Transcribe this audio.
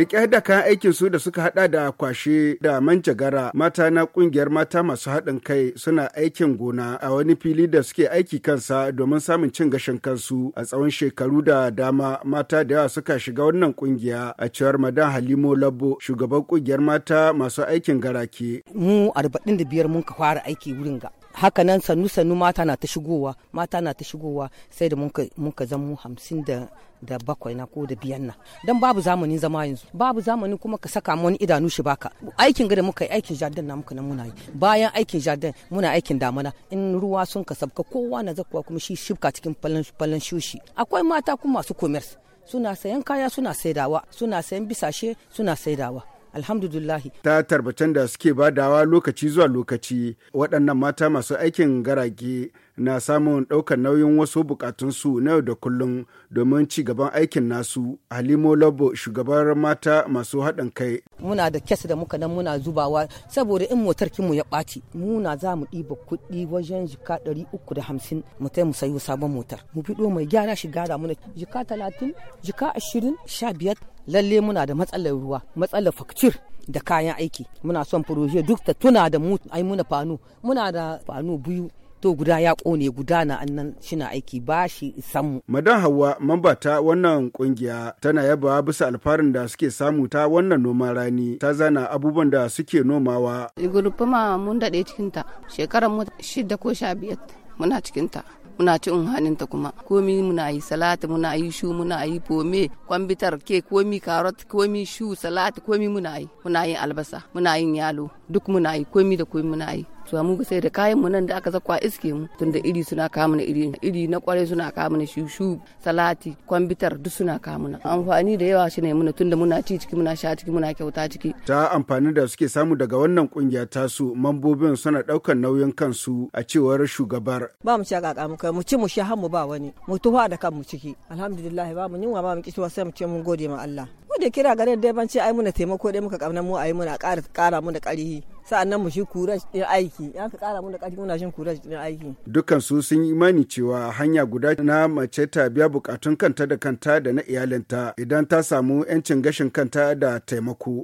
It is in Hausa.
Rike da kayan aikin su da suka hada da kwashe da manjagara mata na kungiyar mata masu haɗin kai suna aikin gona a wani fili da suke aiki kansa domin samun cin gashin kansu a tsawon shekaru da dama mata da yawa suka shiga wannan kungiya a cewar madan Halimo labo shugaban kungiyar mata masu aikin garake. Mu 45 mun ka fara aiki wurin ga haka nan sannu sannu mata na ta shigowa mata na ta shigowa sai da mun ka zamu hamsin da da bakwai na ko da biyan na dan babu zamanin zama yanzu babu zamanin kuma ka saka wani idanu shi baka aikin ga muka yi aikin jardin na muka na yi bayan aikin jardin muna aikin damana in ruwa sun ka sabka kowa na zakuwa kuma shi shibka cikin fallan shoshi akwai mata kuma masu commerce suna sayan kaya suna saidawa suna sayan bisashe suna saidawa alhamdulillahi ta tarbacen da suke badawa lokaci zuwa lokaci waɗannan mata masu aikin garage na samun ɗaukar nauyin wasu bukatunsu na yau da kullum domin ci gaban aikin nasu halimo lobo shugabar mata masu haɗin kai muna da kes da muka nan muna zubawa saboda in motar kinmu ya ɓaci muna za mu ɗiba kuɗi wajen jika ɗari uku da hamsin mu tai mu sayo sabon motar mu fiɗo mai gyara shi gara muna jika talatin jika ashirin sha biyar lalle muna da matsalar ruwa matsalar fakcir da kayan aiki muna son furoje duk ta tuna da mu ai muna fanu muna da fanu biyu to guda ya kone guda na annan shina aiki ba shi samu. Madan hawa mamba ta wannan kungiya tana yaba bisa alfarin da suke samu ta wannan noman rani ta zana abubuwan da suke nomawa. ma mun daɗe cikinta shekarar mu shida ko sha biyar muna cikin ta muna cin haninta kuma komi muna yi salati muna yi shu muna yi fome kwambitar ke komi karot komi shu salati komi muna yi muna yin albasa muna yin yalo duk muna yi komi da komi muna yi so mu sai da kayan mu nan da aka zakwa iske mu tunda iri suna kamu na iri iri na kware suna kamu na shushu salati kwambitar duk suna kamu na amfani da yawa shi ne muna tunda muna ci ciki muna sha ciki muna kyauta ciki ta amfani da suke samu daga wannan kungiya su mambobin suna daukan nauyin kansu a cewar shugabar ba mu shaka ka mu kai mu ci mu sha har mu ba wani mu tuwa da mu ciki alhamdulillah ba mu yunwa ba mu kisuwa sai mu ce mun gode ma Allah da kira garin dai ban ce ai muna taimako dai muka kamna mu ai muna kara mu da ƙarihi sa'annan mu shi kuraj din aiki ya ka kara mun da ƙarfi muna shin kuraj din aiki dukkan su sun imani cewa hanya guda na mace ta biya bukatun kanta da kanta da na iyalinta idan ta samu 'yancin gashin kanta da taimako.